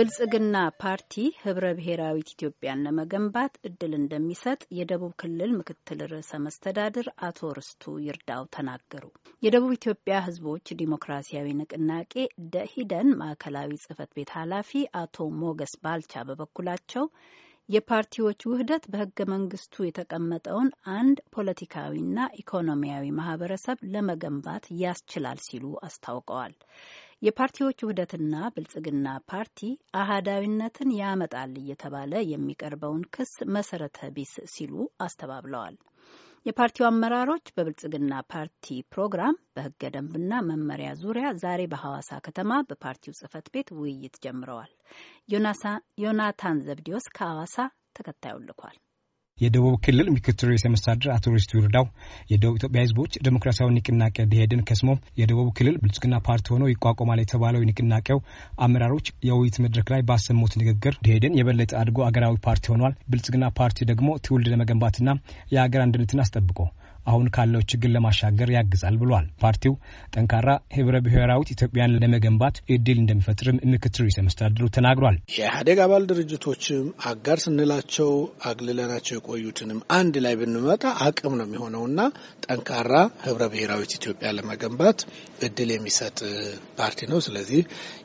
የብልጽግና ፓርቲ ህብረ ብሔራዊት ኢትዮጵያን ለመገንባት እድል እንደሚሰጥ የደቡብ ክልል ምክትል ርዕሰ መስተዳድር አቶ ርስቱ ይርዳው ተናገሩ። የደቡብ ኢትዮጵያ ህዝቦች ዲሞክራሲያዊ ንቅናቄ ደሂደን ማዕከላዊ ጽህፈት ቤት ኃላፊ አቶ ሞገስ ባልቻ በበኩላቸው የፓርቲዎች ውህደት በህገ መንግስቱ የተቀመጠውን አንድ ፖለቲካዊና ኢኮኖሚያዊ ማህበረሰብ ለመገንባት ያስችላል ሲሉ አስታውቀዋል። የፓርቲዎች ውህደትና ብልጽግና ፓርቲ አህዳዊነትን ያመጣል እየተባለ የሚቀርበውን ክስ መሰረተ ቢስ ሲሉ አስተባብለዋል። የፓርቲው አመራሮች በብልጽግና ፓርቲ ፕሮግራም በህገ ደንብና መመሪያ ዙሪያ ዛሬ በሐዋሳ ከተማ በፓርቲው ጽህፈት ቤት ውይይት ጀምረዋል። ዮናታን ዘብዲዮስ ከሐዋሳ ተከታዩን ልኳል። የደቡብ ክልል ምክትል ርዕሰ መስተዳድር አቶ ሪስቱ ይርዳው የደቡብ ኢትዮጵያ ህዝቦች ዴሞክራሲያዊ ንቅናቄ ደኢህዴን ከስሞ የደቡብ ክልል ብልጽግና ፓርቲ ሆኖ ይቋቋማል የተባለው ንቅናቄው አመራሮች የውይይት መድረክ ላይ ባሰሙት ንግግር ደኢህዴን የበለጠ አድጎ አገራዊ ፓርቲ ሆኗል፣ ብልጽግና ፓርቲ ደግሞ ትውልድ ለመገንባትና የአገር አንድነትን አስጠብቆ አሁን ካለው ችግር ለማሻገር ያግዛል ብሏል። ፓርቲው ጠንካራ ህብረ ብሔራዊት ኢትዮጵያን ለመገንባት እድል እንደሚፈጥርም ምክትል ርዕሰ መስተዳድሩ ተናግሯል። የኢህአዴግ አባል ድርጅቶችም አጋር ስንላቸው አግልለናቸው የቆዩትንም አንድ ላይ ብንመጣ አቅም ነው የሚሆነውና ጠንካራ ህብረ ብሔራዊት ኢትዮጵያ ለመገንባት እድል የሚሰጥ ፓርቲ ነው። ስለዚህ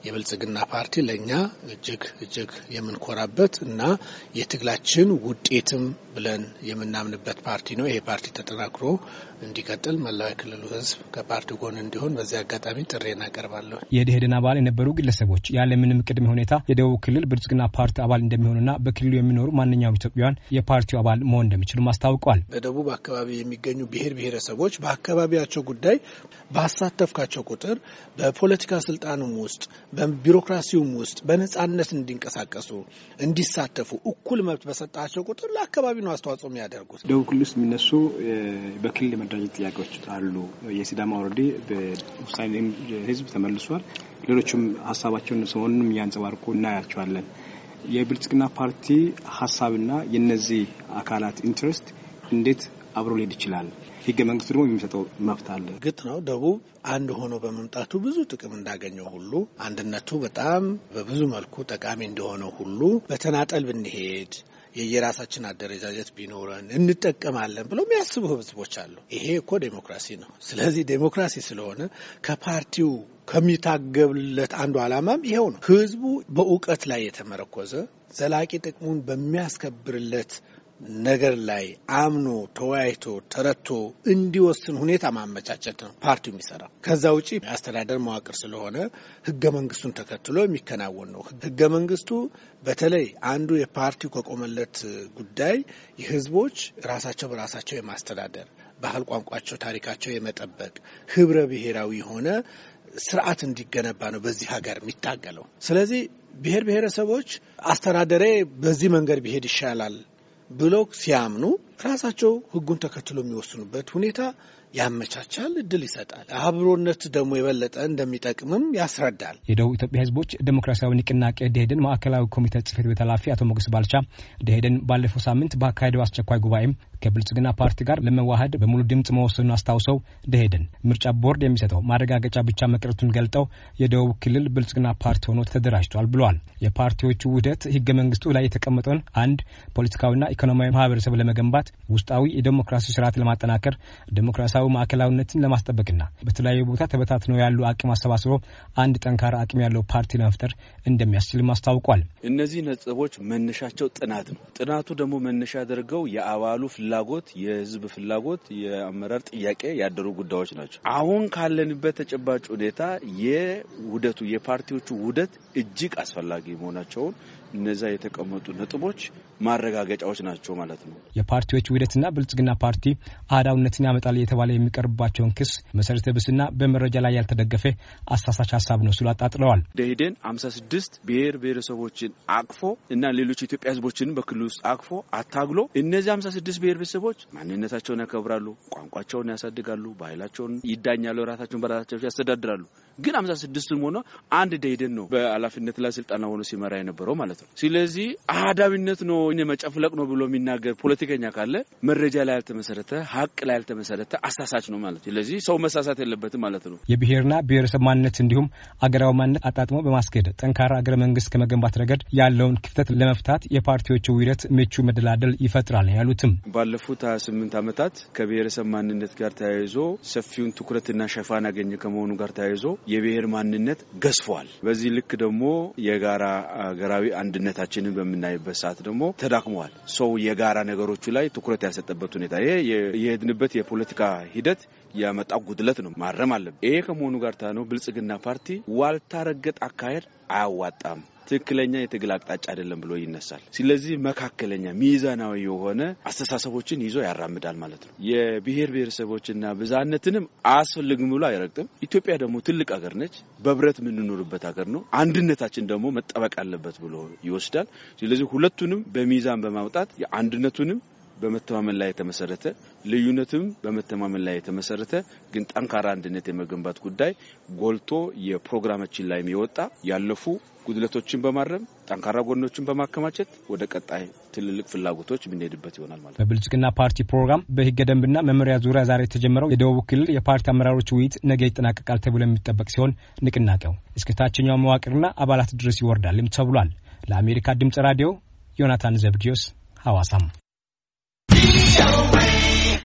የብልጽግና ፓርቲ ለእኛ እጅግ እጅግ የምንኮራበት እና የትግላችን ውጤትም ብለን የምናምንበት ፓርቲ ነው። ይሄ ፓርቲ ተጠናክሮ እንዲቀጥል መላው የክልሉ ህዝብ ከፓርቲው ጎን እንዲሆን በዚህ አጋጣሚ ጥሬ አቀርባለሁ። የደኢህዴን አባል የነበሩ ግለሰቦች ያለምንም ቅድመ ሁኔታ የደቡብ ክልል ብልጽግና ፓርቲ አባል እንደሚሆኑና በክልሉ የሚኖሩ ማንኛውም ኢትዮጵያውያን የፓርቲው አባል መሆን እንደሚችሉም አስታውቋል። በደቡብ አካባቢ የሚገኙ ብሔር ብሔረሰቦች በአካባቢያቸው ጉዳይ ባሳተፍካቸው ቁጥር በፖለቲካ ስልጣኑም ውስጥ በቢሮክራሲውም ውስጥ በነጻነት እንዲንቀሳቀሱ እንዲሳተፉ እኩል መብት በሰጣቸው ቁጥር ለአካባቢ ነው አስተዋጽኦ የሚያደርጉት። ደቡብ ክልል ውስጥ የሚነሱ በክልል መደራጀት ጥያቄዎች አሉ። የሲዳማ ወረዲ በውሳኔ ህዝብ ተመልሷል። ሌሎችም ሀሳባቸውን ሰሞኑንም እያንጸባርቁ እናያቸዋለን። የብልጽግና ፓርቲ ሀሳብና የነዚህ አካላት ኢንትረስት እንዴት አብሮ ሊሄድ ይችላል? ህገ መንግስቱ ደግሞ የሚሰጠው መብት አለ። ግጥ ነው ደቡብ አንድ ሆኖ በመምጣቱ ብዙ ጥቅም እንዳገኘው ሁሉ አንድነቱ በጣም በብዙ መልኩ ጠቃሚ እንደሆነ ሁሉ በተናጠል ብንሄድ የየራሳችን አደረጃጀት ቢኖረን እንጠቀማለን ብሎ የሚያስቡ ህዝቦች አሉ። ይሄ እኮ ዴሞክራሲ ነው። ስለዚህ ዴሞክራሲ ስለሆነ ከፓርቲው ከሚታገብለት አንዱ ዓላማም ይኸው ነው። ህዝቡ በእውቀት ላይ የተመረኮዘ ዘላቂ ጥቅሙን በሚያስከብርለት ነገር ላይ አምኖ ተወያይቶ ተረቶ እንዲወስን ሁኔታ ማመቻቸት ነው ፓርቲው የሚሰራው። ከዛ ውጪ የአስተዳደር መዋቅር ስለሆነ ህገ መንግስቱን ተከትሎ የሚከናወን ነው። ህገ መንግስቱ በተለይ አንዱ የፓርቲው ከቆመለት ጉዳይ የህዝቦች ራሳቸው በራሳቸው የማስተዳደር ባህል፣ ቋንቋቸው፣ ታሪካቸው የመጠበቅ ህብረ ብሔራዊ የሆነ ስርዓት እንዲገነባ ነው በዚህ ሀገር የሚታገለው። ስለዚህ ብሔር ብሔረሰቦች አስተዳደሬ በዚህ መንገድ ቢሄድ ይሻላል ብለው ሲያምኑ ራሳቸው ህጉን ተከትሎ የሚወስኑበት ሁኔታ ያመቻቻል፣ እድል ይሰጣል። አብሮነት ደግሞ የበለጠ እንደሚጠቅምም ያስረዳል። የደቡብ ኢትዮጵያ ህዝቦች ዴሞክራሲያዊ ንቅናቄ ደኢህዴን ማዕከላዊ ኮሚቴ ጽህፈት ቤት ኃላፊ አቶ ሞገስ ባልቻ ደኢህዴን ባለፈው ሳምንት በአካሄደው አስቸኳይ ጉባኤም ከብልጽግና ፓርቲ ጋር ለመዋሃድ በሙሉ ድምፅ መወሰኑን አስታውሰው ደኢህዴን ምርጫ ቦርድ የሚሰጠው ማረጋገጫ ብቻ መቅረቱን ገልጠው የደቡብ ክልል ብልጽግና ፓርቲ ሆኖ ተደራጅቷል ብሏል። የፓርቲዎቹ ውህደት ህገ መንግስቱ ላይ የተቀመጠውን አንድ ፖለቲካዊና ኢኮኖሚያዊ ማህበረሰብ ለመገንባት በመስራት ውስጣዊ የዴሞክራሲ ስርዓት ለማጠናከር ዴሞክራሲያዊ ማዕከላዊነትን ለማስጠበቅና በተለያዩ ቦታ ተበታትነው ያሉ አቅም አሰባስቦ አንድ ጠንካራ አቅም ያለው ፓርቲ ለመፍጠር እንደሚያስችልም አስታውቋል። እነዚህ ነጥቦች መነሻቸው ጥናት ነው። ጥናቱ ደግሞ መነሻ ያደርገው የአባሉ ፍላጎት፣ የህዝብ ፍላጎት፣ የአመራር ጥያቄ ያደሩ ጉዳዮች ናቸው። አሁን ካለንበት ተጨባጭ ሁኔታ የውህደቱ የፓርቲዎቹ ውህደት እጅግ አስፈላጊ መሆናቸውን እነዛ የተቀመጡ ነጥቦች ማረጋገጫዎች ናቸው ማለት ነው። የፓርቲዎች ውህደትና ብልጽግና ፓርቲ አህዳዊነትን ያመጣል የተባለ የሚቀርብባቸውን ክስ መሰረተ ብስና በመረጃ ላይ ያልተደገፈ አሳሳች ሀሳብ ነው ሲሉ አጣጥለዋል። ደኢህዴን አምሳ ስድስት ብሔር ብሔረሰቦችን አቅፎ እና ሌሎች ኢትዮጵያ ህዝቦችን በክልል ውስጥ አቅፎ አታግሎ እነዚህ አምሳ ስድስት ብሔር ብሔረሰቦች ማንነታቸውን ያከብራሉ፣ ቋንቋቸውን ያሳድጋሉ፣ ባህላቸውን ይዳኛሉ፣ ራሳቸውን በራሳቸው ያስተዳድራሉ። ግን አምሳ ስድስቱም ሆነ አንድ ደኢህዴን ነው በኃላፊነት ላይ ስልጣና ሆኖ ሲመራ የነበረው ማለት ነው። ስለዚህ አህዳዊነት ነው መጨፍለቅ ነው ብሎ የሚናገር ፖለቲከኛ ካለ መረጃ ላይ ያልተመሰረተ ሀቅ ላይ ያልተመሰረተ አሳሳች ነው ማለት። ስለዚህ ሰው መሳሳት የለበትም ማለት ነው። የብሔርና ብሔረሰብ ማንነት እንዲሁም አገራዊ ማንነት አጣጥሞ በማስኬድ ጠንካራ አገረ መንግስት ከመገንባት ረገድ ያለውን ክፍተት ለመፍታት የፓርቲዎቹ ውህደት ምቹ መደላደል ይፈጥራል ያሉትም ባለፉት 28 ዓመታት ከብሔረሰብ ማንነት ጋር ተያይዞ ሰፊውን ትኩረትና ሸፋን ያገኘ ከመሆኑ ጋር ተያይዞ የብሔር ማንነት ገዝፏል። በዚህ ልክ ደግሞ የጋራ አገራዊ አንድ አንድነታችንን በምናይበት ሰዓት ደግሞ ተዳክመዋል። ሰው የጋራ ነገሮቹ ላይ ትኩረት ያልሰጠበት ሁኔታ ይሄ የሄድንበት የፖለቲካ ሂደት ያመጣ ጉድለት ነው፣ ማረም አለብን። ይሄ ከመሆኑ ጋር ታነው ብልጽግና ፓርቲ ዋልታ ረገጥ አካሄድ አያዋጣም፣ ትክክለኛ የትግል አቅጣጫ አይደለም ብሎ ይነሳል። ስለዚህ መካከለኛ ሚዛናዊ የሆነ አስተሳሰቦችን ይዞ ያራምዳል ማለት ነው። የብሔር ብሔረሰቦችና ብዝሃነትንም አያስፈልግም ብሎ አይረግጥም። ኢትዮጵያ ደግሞ ትልቅ ሀገር ነች፣ በህብረት የምንኖርበት ሀገር ነው። አንድነታችን ደግሞ መጠበቅ አለበት ብሎ ይወስዳል። ስለዚህ ሁለቱንም በሚዛን በማውጣት የአንድነቱንም በመተማመን ላይ የተመሰረተ ልዩነትም በመተማመን ላይ የተመሰረተ ግን ጠንካራ አንድነት የመገንባት ጉዳይ ጎልቶ የፕሮግራማችን ላይ የወጣ ያለፉ ጉድለቶችን በማረም ጠንካራ ጎኖችን በማከማቸት ወደ ቀጣይ ትልልቅ ፍላጎቶች የምንሄድበት ይሆናል ማለት ነው። በብልጽግና ፓርቲ ፕሮግራም በህገ ደንብና መመሪያ ዙሪያ ዛሬ የተጀመረው የደቡብ ክልል የፓርቲ አመራሮች ውይይት ነገ ይጠናቀቃል ተብሎ የሚጠበቅ ሲሆን ንቅናቄው እስከ ታችኛው መዋቅርና አባላት ድረስ ይወርዳልም ተብሏል። ለአሜሪካ ድምጽ ራዲዮ ዮናታን ዘብዲዮስ ሐዋሳም away.